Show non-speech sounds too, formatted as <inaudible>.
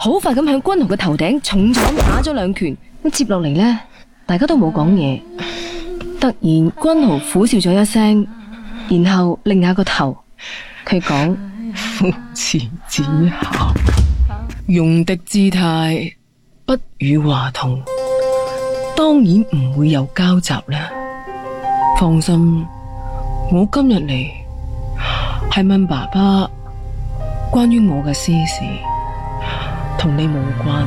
好快咁向君豪嘅頭頂重重咁打咗兩拳，咁接落嚟呢，大家都冇講嘢。突然， <laughs> 君豪苦笑咗一聲，然後擰下個頭，佢講：父慈子孝，用敵姿態不與話同，當然唔會有交集啦。放心，我今日嚟係問爸爸關於我嘅私事。同你無關。